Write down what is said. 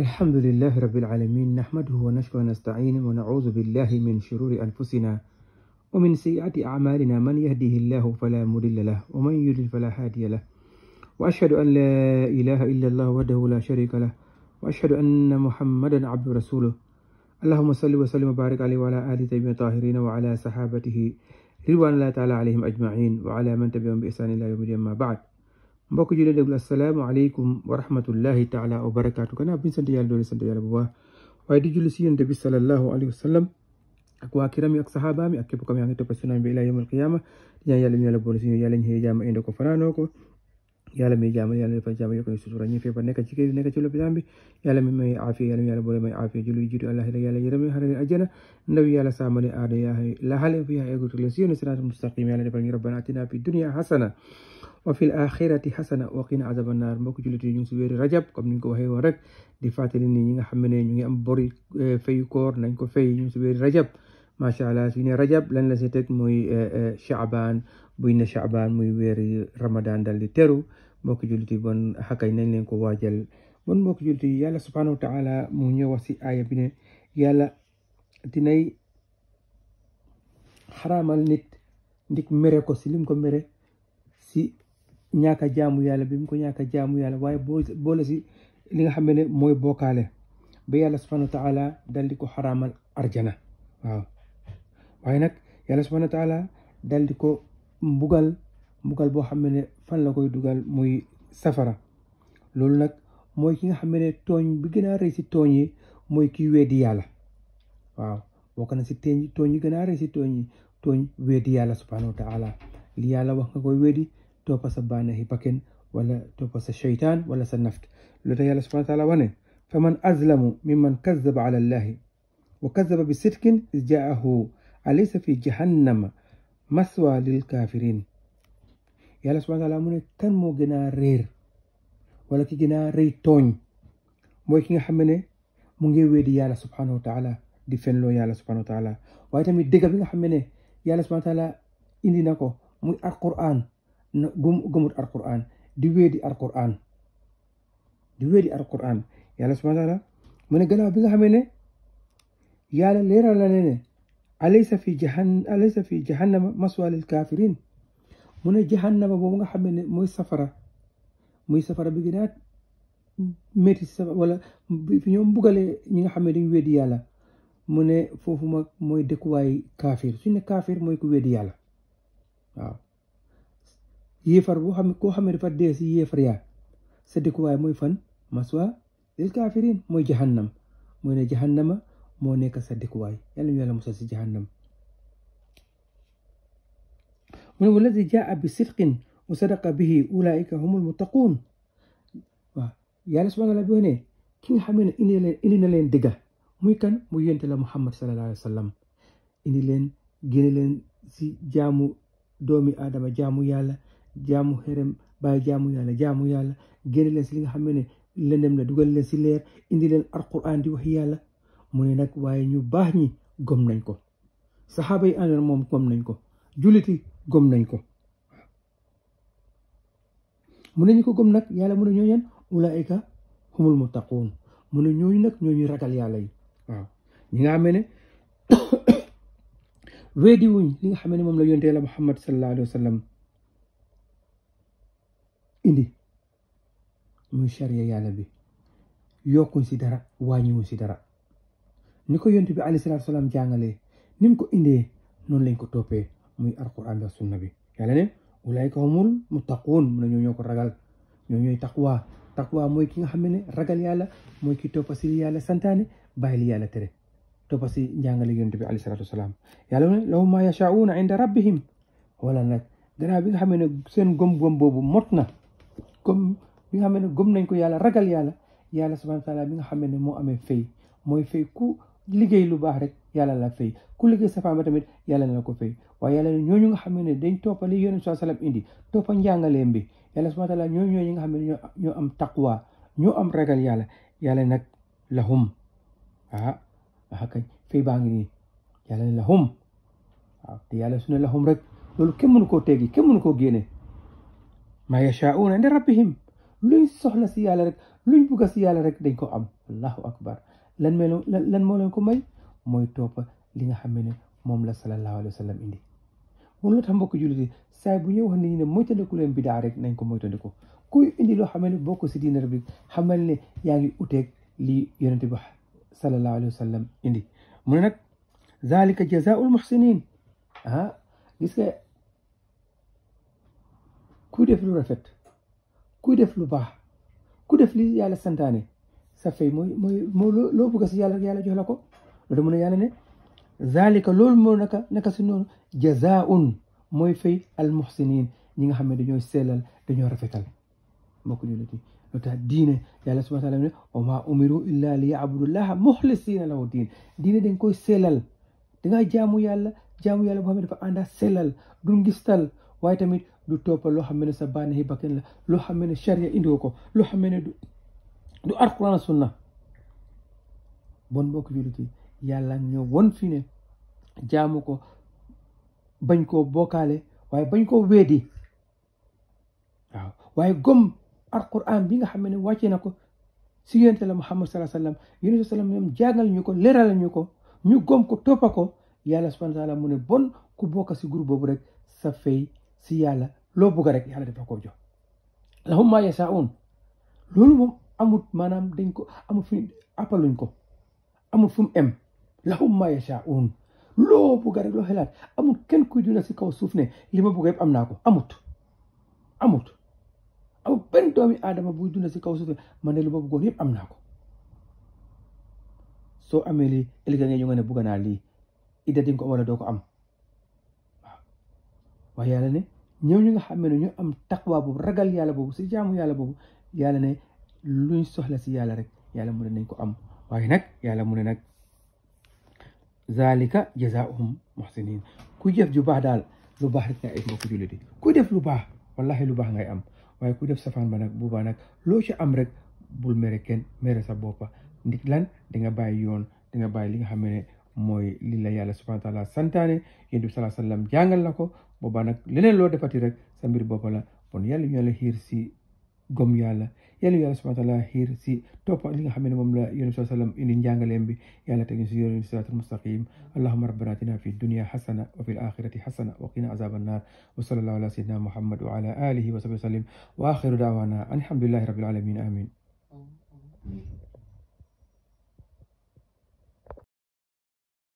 الحمد لله رب العالمين نحمده ونشكره ونستعين ونعوذ بالله من شرور أنفسنا ومن سيئات أعمالنا من يهده الله فلا مضل له ومن يضلل فلا هادي له وأشهد أن لا إله إلا الله وحده لا شريك له وأشهد أن محمدا عبد رسوله اللهم صل وسلم وبارك عليه وعلى آل طيبين الطاهرين وعلى صحابته رضوان الله تعالى عليهم أجمعين وعلى من تبعهم بإحسان إلى يوم الدين ما بعد mbokk ji la déglu asalaamaaleykum wa rahmatullahi taala wa barakaatu kana bi sant yàlla doole sant yàlla bu baax waaye di julli si yonent bi sallallahu alayhi wa sallam ak waa kiram yi ak saxaaba mi ak képp ko yaa ngi topp sunna bi ilaa yawmal qiyaama di ñaan yàlla mi yàlla boole suñu yàlla ñu xëy jàmm indi ko fanaanoo ko yàlla mi jaamal yàlla defal jàmm yokk sutura ñi ba nekk ci kër nekk ci lopitaan bi yàlla mi may aafiya yàlla mi yàlla boole may aafiya julli jiitu allah la yàlla yërëm xarale ajjana ndaw yàlla saamale aada yaa la xale fi yaa egutu leen si yoon siraat mustaqim yàlla defal ñu rabbana atina fi dunya hasana wa fil axirati xasana wa qina azaba naar mbokk jullit yi ñu ngi si rajab comme ni ñu ko waxee woon rek di fàttali ni ñi nga xam ne ñu ngi am bori eh, fayu koor nañ ko fay ñu ngi si wéeri rajab macha allah su ne rajab lan la si teg muy chaabaan eh, eh, buy ne chaabaan muy wéeri ramadan dal di teru mbokk jullit yi bon xakay nañ leen ko waajal bon mbokk jullit yi yàlla subhanahu wa mu ñëw wax si nit mere ko si lim ko mere ñaaka jaamu yàlla bi mu ko ñaaka jaamu yàlla waaye boo boole si li nga xam ne mooy bokkaale ba yàlla subhanahu wa taala di ko xaramal arjana waaw waaye nag yàlla subhanahu wa taala di ko mbugal mbugal boo xam ne fan la koy dugal muy safara loolu nag mooy ki nga xam ne tooñ bi gën a rëy si tooñ yi mooy kii weddi yàlla waaw na si teñ tooñ yi gën a rëy yi tooñ yàlla subhanahu wa taala yàlla wax nga koy weddi توبا بانه پکن ولا توبا الشيطان ولا سنفت لذا الله سبحانه وتعالى ونه فمن أظلم ممن كذب على الله وكذب بصدق إذ جاءه أليس في جهنم مسوى للكافرين يا الله سبحانه وتعالى من تنمو جنا رير ولا كي جنا ري تون موي كي خامني مونغي ويدي يا الله سبحانه وتعالى دفن له يا الله سبحانه وتعالى waaye tamit dëgg bi nga xam ne yàlla subhanahu wa taala indi gëm gëmut alquran di weedi alquran di weedi alquran yàlla subhana taala mu ne gannaaw bi nga xamee ne yàlla leeral la ne ne alaysa fi jahan alaysa fi jahannama maswa lil kafirin mu ne nga xamee ne mooy safara muy safara bi gën a métti wala fi ñoom mbugalee ñi nga xamee ne dañu weddi yàlla mu ne foofu mag mooy dëkkuwaay kaafir su ne kaafir mooy ku weddi yàlla waaw yéefar boo xam koo xam ne dafa dee si yéefar mooy fan maswa lil kaafirin mooy jahannam mooy ne jahannama moo nekk sa dëkkuwaay yàlla ñu yàlla musal si jahannam jaa bi sidqin wa sadaqa bihi ulaika humul muttaquun waaw yàlla subhaana taala bi wax ki xam ne indi leen indi na leen dëgga muy kan mu yente la muhammad sallallahu alayhi wa sallam indi leen génne leen si jaamu doomi adama jaamu yàlla jaamu xerem bàyyi jaamu yàlla jaamu yàlla génne leen si li nga xam ne lëndëm la dugal leen si leer indi leen alquran di wax yàlla mu ne nag waaye ñu baax ñi gom nañ ko saxaaba yi àndoon moom gom nañ ko julliti gom nañ ko mu ne ñu ko gom nag yàlla mu ne ñooñeen ulaayika humul muttaquun mu ne ñooñu nag ñooñu ragal yàlla yi waaw ñi nga xam ne weedi wuñ li nga xam ne moom la yonte yàlla muhammad sallallahu alayhi wa sallam indi muy charia yàlla bi yokkuñ si dara wàññiwuñ si dara ni ko yonent bi alayhi salaatu salaam jàngalee ni mu ko indee noonu lañ ko toppee muy alquran bi ak sunna bi yàlla ne ulaayka humul muttaquun mu ne ñoo ñoo ko ragal ñoo ñooy taqwa taqwa mooy ki nga xam ne ragal yàlla mooy ki toppa si li yàlla santaane bàyyi li yàlla tere toppa si njàngale yonent bi alayhi salaatu salaam yàlla ne yashaa'uuna inda rabbihim wala nag gannaaw bi nga xam ne seen gom-gom boobu mot na comme bi nga xam ne gëm nañ ko yàlla ragal yàlla yàlla subhaanahu wa taala bi nga xam ne moo amee fay mooy fay ku liggéey lu baax rek yàlla la fay ku liggéey safaan ba tamit yàlla na la ko fay waaye yàlla ne nga xam ne dañ toppa li yonent saa sallam indi toppa bi yàlla subhaanahu wa taala ñooñu ñooñu nga xam ne ñoo am taqwa ñoo am ragal yàlla yàlla nag lahum ah ah kañ fay baa ngi nii yàlla ne lahum waaw te yàlla su ne lahum rek loolu kenn mënu koo teggi kenn mënu koo génne maa yashaa'uuna inda rabbihim luñ soxla si yàlla rek luñ bugg si yàlla rek dañ ko am allahu akbar lan mel lan moo leen ko may mooy toppa li nga xam ne moom la sallallahu alayhi wa sallam indi moom la tax mbokk julliti saay bu ñuy wax nit ñi ne moytandiku leen bidaa rek nañ ko moytandiku kuy indi loo xam ne bokk si diina rek xamal ne yaa ngi uteeg lii yonente bi sallallahu alayhi wa sallam indi mu ne nag zalika jazaa'ul muhsinin ah gis nga kuy def lu rafet kuy def lu ku def li yàlla sa fay mooy mooy moo loo bëgg si yàlla yàlla jox la mun a yàlla ne zalika loolu moo naka naka si noonu jazaun mooy fay almuhsinin ñi nga xam ne dañoo sellal dañoo rafetal mbokk ñu lati ma umiru illa li yabudullaha lahu diin diine dañ koy sellal da nga jaamu yàlla jaamu sellal du ngistal du toppal loo xam ne sa bànneexi bakkan la loo xam ne charia indiwoo ko loo xam ne du du alquran sunna bon mbokk jullit yi yàlla ñoo won fi jaamu ko bañ koo bokkaale waaye bañ koo weedi waaw waaye gom alquran bi nga xam ne wàcce na ko si yonente la Muhammad sallallahu alayhi wa sallam yonente sallam ñu ko leeral ñu ko ñu gom ko toppa ko yàlla subhanahu wa mu ne bon ku bokka si group boobu rek sa fay si yàlla loo bëgg rek yàlla dafa ko jox lahum maa yasaaun loolu amut maanaam dañ ko amut ko amut fu mu em lahum maa yasaaun loo bëgg rek loo xelaat amut kenn kuy dund si kaw suuf ne lima ma bëgg am naa ko amut amut amut benn doomi aadama buy dund si kaw suuf ne man ne li ma yëpp am naa ko soo amee lii ëllëg nga ñëw nga ne bëgg naa lii idda dinga ko am wala doo ko am waaye yàlla ne ñëw ñu nga xam ne ñu am taqwa boobu ragal yàlla boobu si jaamu yàlla boobu yàlla ne luñ soxla si yàlla rek yàlla mu ne nañ ko am waaye nag yàlla mu ne nag zalika jazaahum muhsinin ku jëf ju baax daal lu baax rek ku def lu baax wallahi lu baax ngay am waaye ku def safaan ba nag buubaa nag loo ci am rek bul mere kenn mere sa boppa ndik lan di nga bàyyi yoon di nga bàyyi li nga xam ne mooy li la yàlla subhanahu wa taala santaane yonent bi sallallahu alayhi wasallam jàngal la ko boobaa nag leneen loo defati rek sa mbir bopp la bon yàlla ñu yàlla xiir si gom yàlla yàlla ñu yàlla subhanahu wa taala xiir si topp li nga xam ne moom la yonent bi sallallahu alayhi wasallam indi njàngaleem bi yàlla teg ñu si yoon siraatal mustaqim allahumma rabbana atina fi dunya hasana wa fil akhirati hasana wa qina azaban nar wa sallallahu ala sayyidina muhammad wa ala alihi wa sahbihi wa sallam wa akhiru da'wana alhamdulillahi rabbil alamin amin oh, oh.